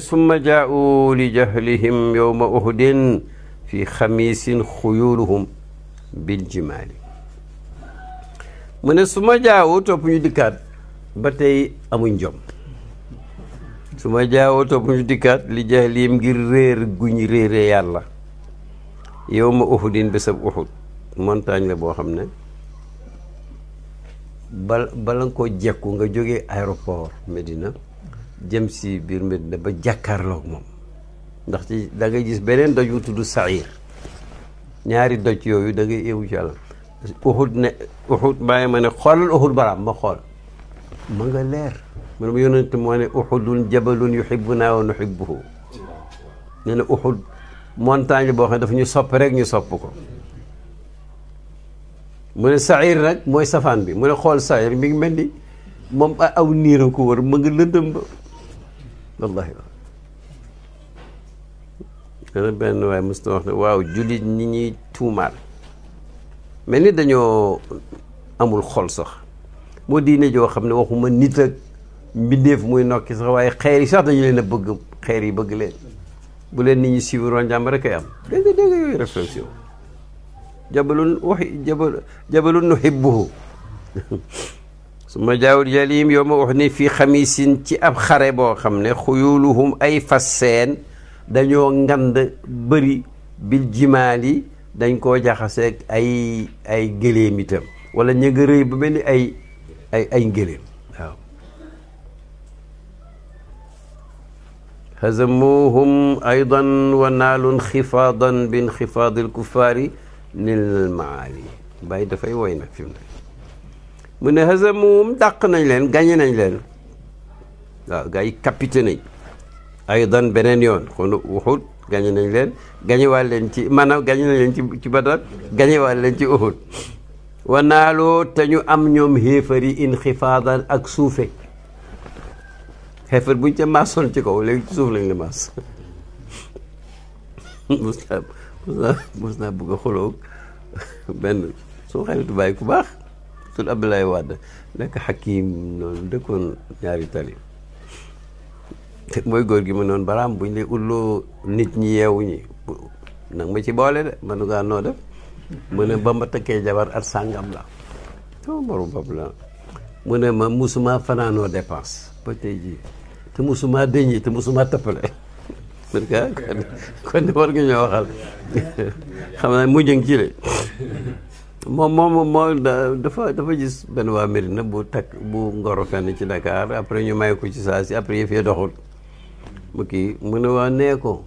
summa jaa'u li jahlihim yowma uhudin fi xamiisin xuyuluhum bil jimaali mu ne summa jaa'u topp ñu dikkaat ba tey amuñ jom summa jaa'u ñu dikkaat li jahlihim ngir réer gu ñu réere yàlla yowma uhudin bésab uhud montagne la boo xam ne bala nga koo jekku nga jóge aéroport Medina jëm si biir Medina ba jàkkaarloog moom ndax ci da ngay gis beneen doj wu tudd Saïr ñaari doj yooyu da ngay eewu ci àllam uxut ne uxut bàyyi ma baraam ma xool ma nga leer man mu yonent moo ne uxudun jabalun yuhibbunaa wa nuhibbuhu ne ne uxut montagne boo ñu sopp rek ñu sopp ko mu ne Saïr nag mooy safaan bi mu ne xool Saïr mi ngi mel ni moom aw niir a ko ma nga lëndëm ba wallahi dana benn waaye mës wax ne waaw jullit ni ñuy tuumaal mel ni dañoo amul xol sax moo diine joo xam ne waxuma nit ak mbindeef muy nokki sax waaye xeer yi sax dañu leen a bëgg xeer yi bëgg leen bu leen nit ñi siiwaroon jàmm rek am dégg dégg nga yooyu réflexion jabalun waxi jabal jabalun nuhibbuhu su ma jaawul yow ma wax ni fii xamisin ci ab xare boo xam ne xuyuluhum ay fas seen dañoo ngand bëri bil jimaali dañ koo jaxaseeg ay gëléem itam wala ña nga rëy ba mel ni ay ay ay gëléem waaw maali bàyyi dafay woy nag fi mu ne mu ne hazamuhum dàq nañ leen gañe nañ leen waaw gars yi capité aydan beneen yoon kon Uhud gañe nañ leen gañewaal leen ci maanaam gañe nañ leen ci ci Badar gañewaal leen ci Uhud wanaaloo te ñu am ñoom xéefar yi inxifaadan ak suufe xeefar buñ ca maasoon ci kaw léegi ci suuf lañ la maas mus naa mus naa bëgg a xuloo benn su xaritu bàyyi ku baax tul Abdoulaye Wade nekk Hakim loolu dëkkoon ñaari tali mooy góor gi mu noonu baraam buñ lay ulloo nit ñi yeewuñu ñi ma ci boole de manu ngaa noo def mu ne ma takkee jabar at sàngam la sama borom bopp musuma fanaanoo dépense ba tey jii te musuma dëñi te musuma tëppale parce que ah, kon war nga ñoo waxal xam naa mujj ngi ci moom moom moo dafa dafa gis benn waa Mérina bu takk bu ngoro fenn ci Dakar après ñu may ko ci saa si après yëf yi mu kii mu ne waa nee ko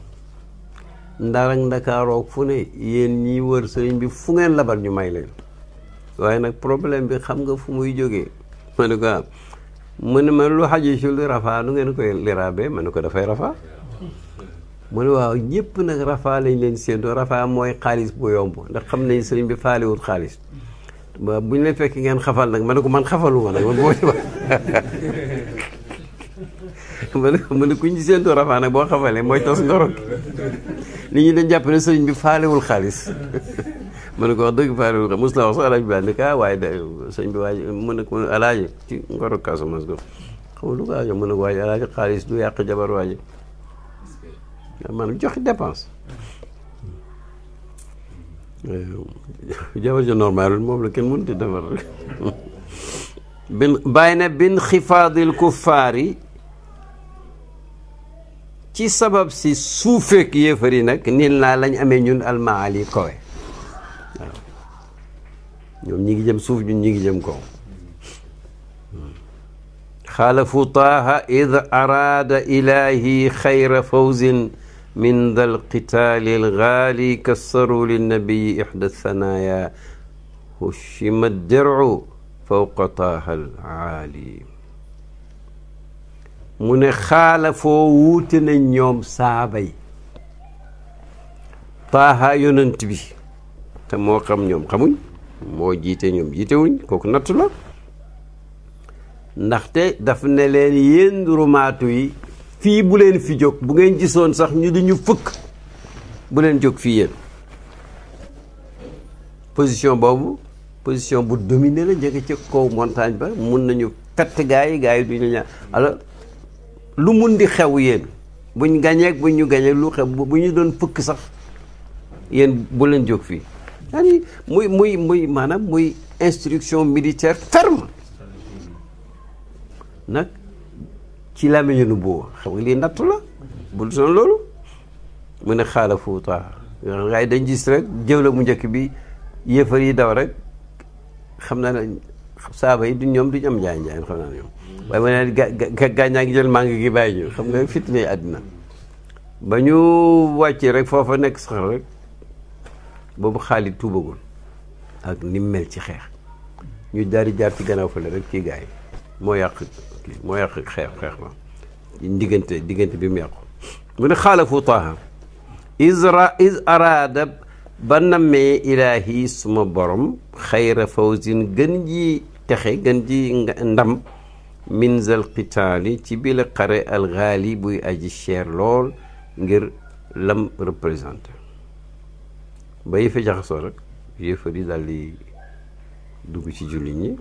Ndar ak Ndakaaroog fu ne yéen ñi wër sëriñ bi fu ngeen labal ñu may leen waaye nag problème bi xam nga fu muy jóge ma ne ko ah, mu ne ma lu xaji ci li rafaa lu ngeen koy liraabe ma ne ko dafay rafaa mu ne waaw ñëpp nag rafaa lañ leen séentoo rafaa mooy xaalis bu yomb ndax xam nañ sëriñ bi faalewul xaalis bu ñu leen fekk ngeen xafal nag ma ne ko man xafaluma nag man boo ci ma ne ku ñu séentoo rafaa boo xafalee mooy tos ndoro li ñu dañ jàpp sëriñ bi faalewul xaalis ma ne ko wax dëgg faalewul xaalis mos alaaj ah, waaye da sëriñ bi waaye mu ne ko alaaji ci ngoro Casamance ko xaw lu ko aajo mu ne ko waaye xaalis du yàq jabar waaji maanaam joxe dépense jabar ja normal moom la kenn mënut a bin bàyyi ne bin xifaadil ci sabab si suufeek yéefar nag nil naa lañ amee ñun almaali kawe ñoom ñi ngi jëm suuf ñun ñi ngi jëm kaw xaalafu taaha id araada ilaahi xayra fawzin min da alqitaali algaali kassaru linnabiyi ixda sanaya hushima dercu fawqa taaha alaali mu ne xaala foo wuute nañ ñoom saaba yi taaha yonent bi te moo xam ñoom xamuñ moo jiite ñoom jiitewuñ kooku nattu la ndaxte daf ne leen yéen rumaatu yi fii bu leen fi jóg bu ngeen gisoon sax ñu di ñu fukk bu leen jóg fii yéen position boobu position bu dominé la njëkk ca kow montagne ba mun nañu fett gars gaay gars yi duñu ñaan lu mun di xew yéen buñ gañeek buñ ñu gañeek lu xew bu ñu doon fukk sax yéen bu leen jóg fii yani muy muy muy maanaam muy instruction militaire ferme nag ci nu nubuwa xam nga lii nattu la bul soon loolu mu ne xaala fuuta waaye dañ gis rek jëw la mu njëkk bi yéefar yi daw rek xam naa ne saaba yi du ñoom duñ am njaay njaay xam naa ñoom waaye ma ne gaañaa ngi jël màng gi bàyyi ñu xam nga fitna yi àddina ba ñu wàccee rek foofa nekk sax rek boobu Xaalid tuubagul ak ni mu mel ci xeex ñu daal jaar ci gannaaw fële rek kii gars moo yàq kii moo yàq xeex xeex ma diggante diggante bi mu yàqu mu ne xaalafu taaha isra is araada ba nammee ilaahi suma borom xayra fawzin gën ji texe gën ji ndam min zal qitaali ci bi la xare alxaali buy aji cher lool ngir lam représenté ba yëfe jaxasoo rek yëfar yi daal di dugg ci jullit ñi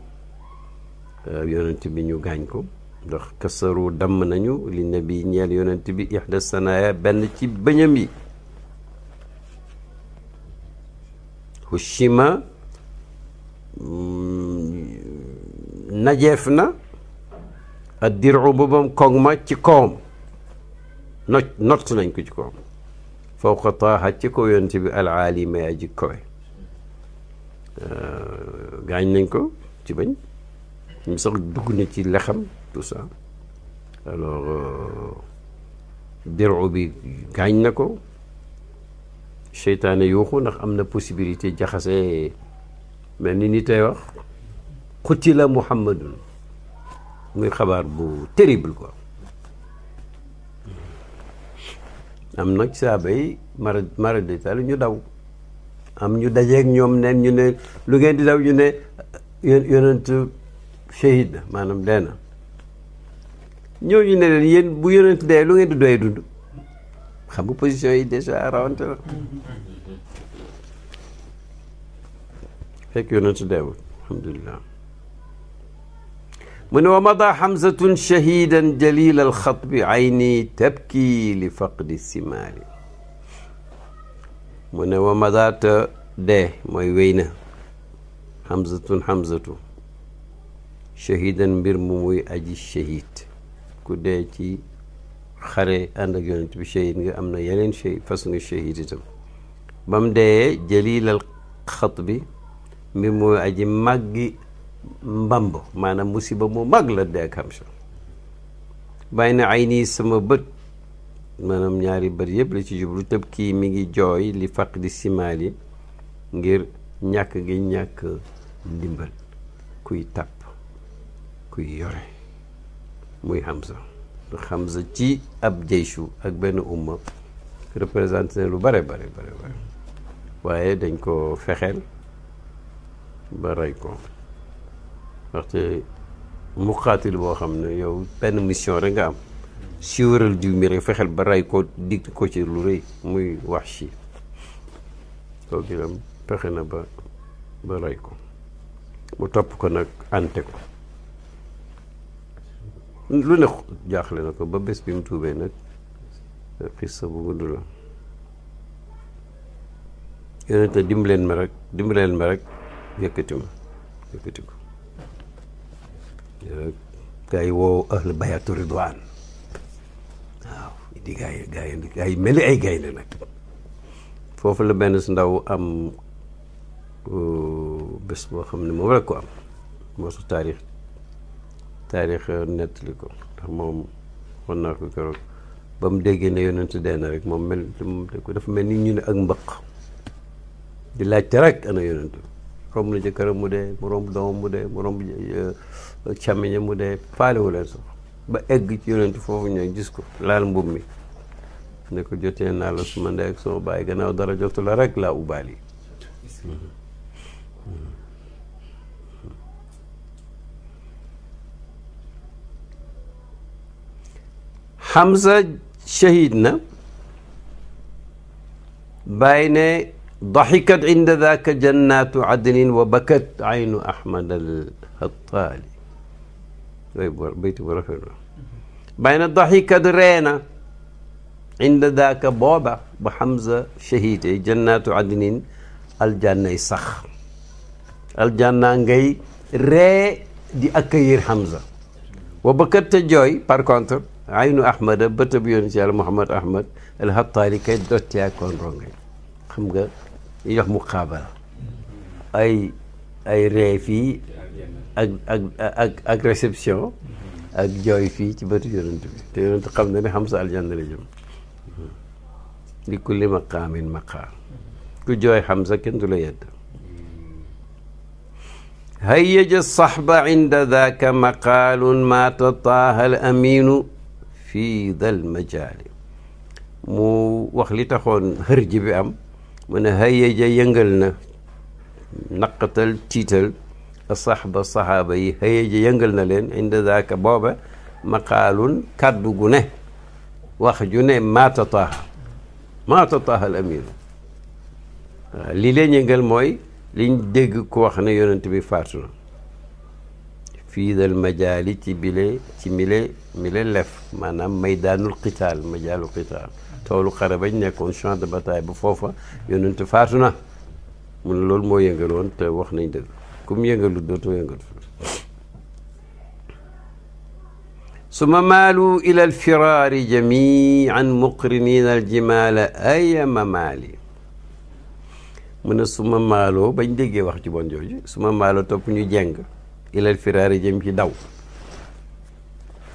Euh, yonent bi ñu gaañ ko ndax kasaru damm nañu li nabi ñeel yonent bi ixda sanaaya benn ci bëñam yi hushima mm, najeef na ak diru boobam koog ma ci kawam not not nañ ko ci kawam fawqa taaha ci kaw yonent bi alaalima yaa ji kawe euh, gaañ nañ ko ci bañ mi sax dugg na ci lexam tout ça alors euh, diru bi gaañ na ko seytaane yuuxu ndax am na possibilité jaxase mel ni ni tey wax xutila muhammadun muy xabaar bu terrible ko am nag saaba yi mara mara détaillé ñu daw am ñu dajeeg ñoom neen ñu ne lu ngeen di daw ñu ne euh, yonent shahid maanaam dee na ñooñu ne leen yéen bu yonent dee lu ngeen di doy dund xam nga position yi déjà rawante la fekk yonent deewul alhamdulilah mu ne wa mada xamsatun shahidan jalil alxatbi ayni tabki li faqdi simaali mu ne wa madaata na mooy wéy na xamsatun shahidan mbir mu muy aji shahid ku dee ci xare ànd ak yonent bi shahid nga am na yeneen shahid façon nga shahid itam ba mu dee jëlilal xat bi mbir mu muy aji màggi mbamb maanaam musiba mu màgg la dee ak am sa bàyyi na ay sama bët maanaam ñaari bët yëpp la ci jublu tëb kii mi ngi jooy li faq di simaali ngir ñàkk ngi ñàkk ndimbal kuy tàpp kuy yore muy Hamza Hamza ci ab jeysu ak benn umma représenté lu bare bare bare bare waaye dañ koo fexeel ba rey ko waxte muqaatil boo xam ne yow benn mission rek nga am siwéral diw mi rek fexeel ba rey ko dig ko ci lu rëy muy Wahshi koo gilam fexe na ba ba rey ko mu topp ko nag ante ko lu ne jaaxle na ko ba bés bi mu tuubee nag xissa bu gudd la yonente dimbaleen ma rek dimbleen ma rek yëkkati ma yëkkati ko gaa yi woo ahlu bayatu ridwaan waaw di gaa yi gaa yi gaa yi mel nag foofu la benn si ndaw am uh, bés boo xam ne moom rek ko am moo tax taarix taarix nettali ko ndax moom wan naa ko keroog ba mu déggee ne yonent dee na rek moom mel moom dafa mel ni ñu ne ak mbëq di laajte rek ana yonent romb na jëkkëram mu dee mu romb doomam mu dee mu romb euh, càmmiñam mu dee faalewu leen sax ba egg ci yonent foofu ñëw gis ko laal mbubb mi ne ko jotee naa la suma ndey ak suma bàyyi gannaaw dara jotu la rek laa ubaal yi Hamza shahid na bàyyi ne daxikat inda daaka jannaatu adnin wa bakat aynu ahmad al hattaali way bu bayti bu rafet la bàyyi ne daxikat reena inda daaka booba bu Hamza shahide jannaatu adnin aljannay sax aljanna ngay ree di accueillir Hamza wa bakat te jooy par contre aynu ahmada bëtëb yoon ci yàlla Muhammad Ahmad al Hattaali kay dotti ak koon rongañ xam nga yi jox muqaabala ay ay ree fii ak ak ak ak réception ak jooy fii ci bëtu yonent bi te yonent xam na ne xam sa aljanna la jëm li kulli maqaamin maqaam ku jooy xam sa kenn du la yedd hayyaja saxba inda daaka maqaalun maa tataaha al amiinu fii dal majaali mu wax li taxoon xër ji bi am mu ne hayeja yëngal na naqatal tiital saxba saxaaba yi hayeja yëngal na leen inda daaka booba maqaalun kàddu gu ne wax ju ne maata taaha maata taaha al li leen yëngal mooy liñ dégg ku wax ne yonent bi faatu fiidal majaali ci bile ci mile mile lef maanaam maydaanul qitaal majaalul qitaal toolu xare bañ nekkoon champ de bataay bu foofa yonent faatu na mu ne loolu moo yëngaloon te wax nañ dëgg ku mu yëngalu dootoo yëngalu suma maalu ila alfiraari jamian muqriniina aljimaala aya mamaali mu ne suma maaloo bañ déggee wax ci bon jooju suma maaloo topp ñu jeng ilal yi jëm ci daw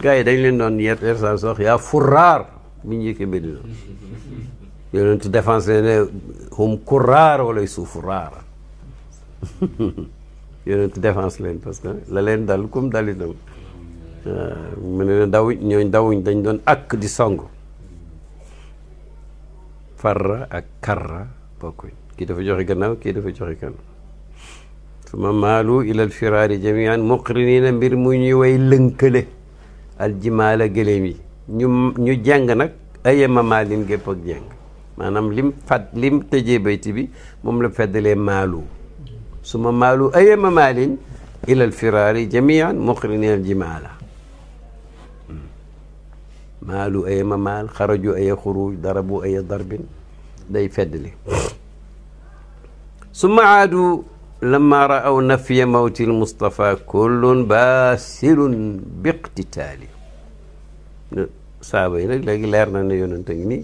gars yi dañ leen doon yer saa sox yaa furaar mi ñu njëkke Medina yonentu défense ne hum kuraar wala su furaar yonentu défense leen parce que la leen dal comme dali dam mu ne dawuñ ñooñ dawuñ dañ doon ak di song farra ak karra bokkuñ kii dafa joxe gannaaw kii dafa joxe kanam suma maalu ila alfiraari jamian muqrinina mbir mu ñuy way lënkale aljimaala gëléem yi ñu ñu jàng nag ayema maalin gépp ak jàng maanaam lim fat lim tëjee bayti bi moom la feddalee maalu suma maalu ayema maalin ila alfiraari jamian muqrinina aljimaala maalu ayema maal xaraju aye xuruj darabu aye darbin day feddali suma aadu lamma raaw nafya mawti lmustapha kullun basilun biqtitaali saaba yi nag léegi leer na ne yonente ngi nii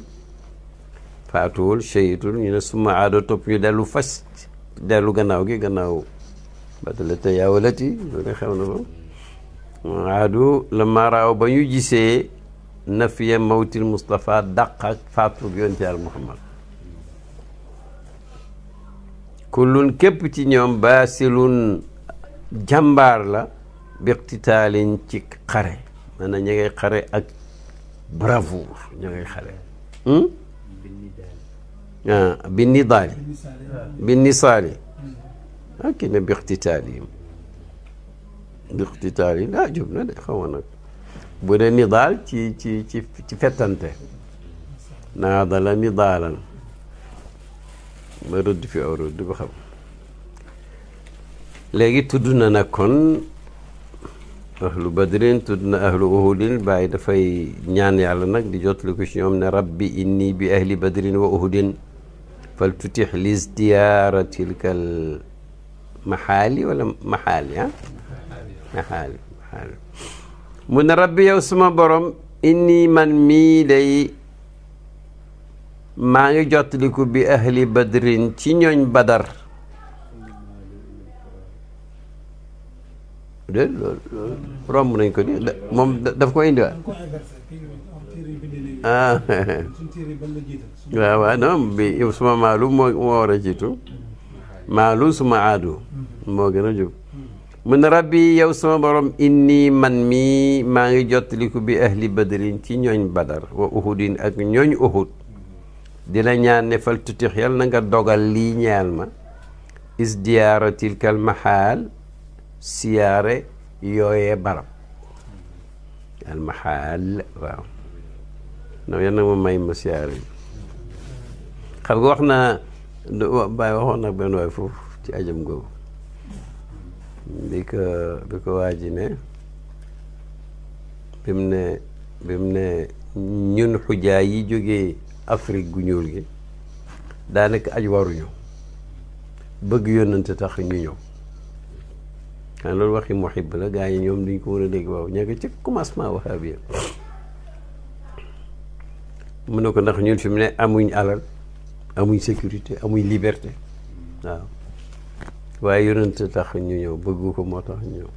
faatuwul shayitul ñu ne suma aada topp ñu dellu fas dellu gannaaw gi gannaaw badalata yaawalati loolu xew na moom aadu lamma raaw ba ñu jisee nafya mawtil mustapha dàq ak faatu yonente yàlla muhammad kullun képp ci ñoom baasilun jàmbaar la biqtitaalin ci xare maanaam ña ngay xare ak bravoure ña ngay xare hmm? ah bi nidaali bi nisaali ak ne biqtitaalihim biqtitaalihim ah, de xaw ma bu dee nidaal ci ci ci ci fettante naadala nidaalan ma rëdd fi aw rëdd ba xam léegi tudd na nag kon ahlu badrin tudd na ahlu uhudin bàyyi dafay ñaan yàlla nag di jot ko ci ñoom ne rabbi inni bi ahli badrin wa uhudin fal tutix lis diyaara tilkal maxaali wala maxaali ah mu ne rabbi yow suma borom inni man mii day maa ngi jottaliku bi ahli badrin ci ñooñ badar de loolu romb nañ ko nii moom daf ko indiwaat ah waaw waaw non bi suma maalum moo war a jiitu maalum suma aadu moo gën a jub mu ne rabbi yow sama borom inni man mi maa ngi jottaliku bi ahli badrin ci ñooñ badar wa uhudin ak ñooñ uhud dina ñaan ne fal tutix yal dogal lii ñeel ma isdiyaara tilkal maxaal siyaare yooyee barab al waaw non yal na ma may ma siyaare bi xam nga wax naa bàyyi waxoon nag benn waay foofu ci ajam googu bi ko bi ko waa ne bi mu ne bi mu ne ñun xujaa yi jógee Afrique gu ñuul gi daanaka aj waruñu bëgg yónnante tax ñu ñëw xam loolu waxi muhib la gaa yi ñoom duñ ko war a dégg waaw ña nga ci commencement wahhabiya mu ne ko ndax ñun fi mu ne amuñ alal amuñ sécurité amuñ liberté waaw waaye yónnante tax ñu ñëw bëggu ko moo tax ñu ñëw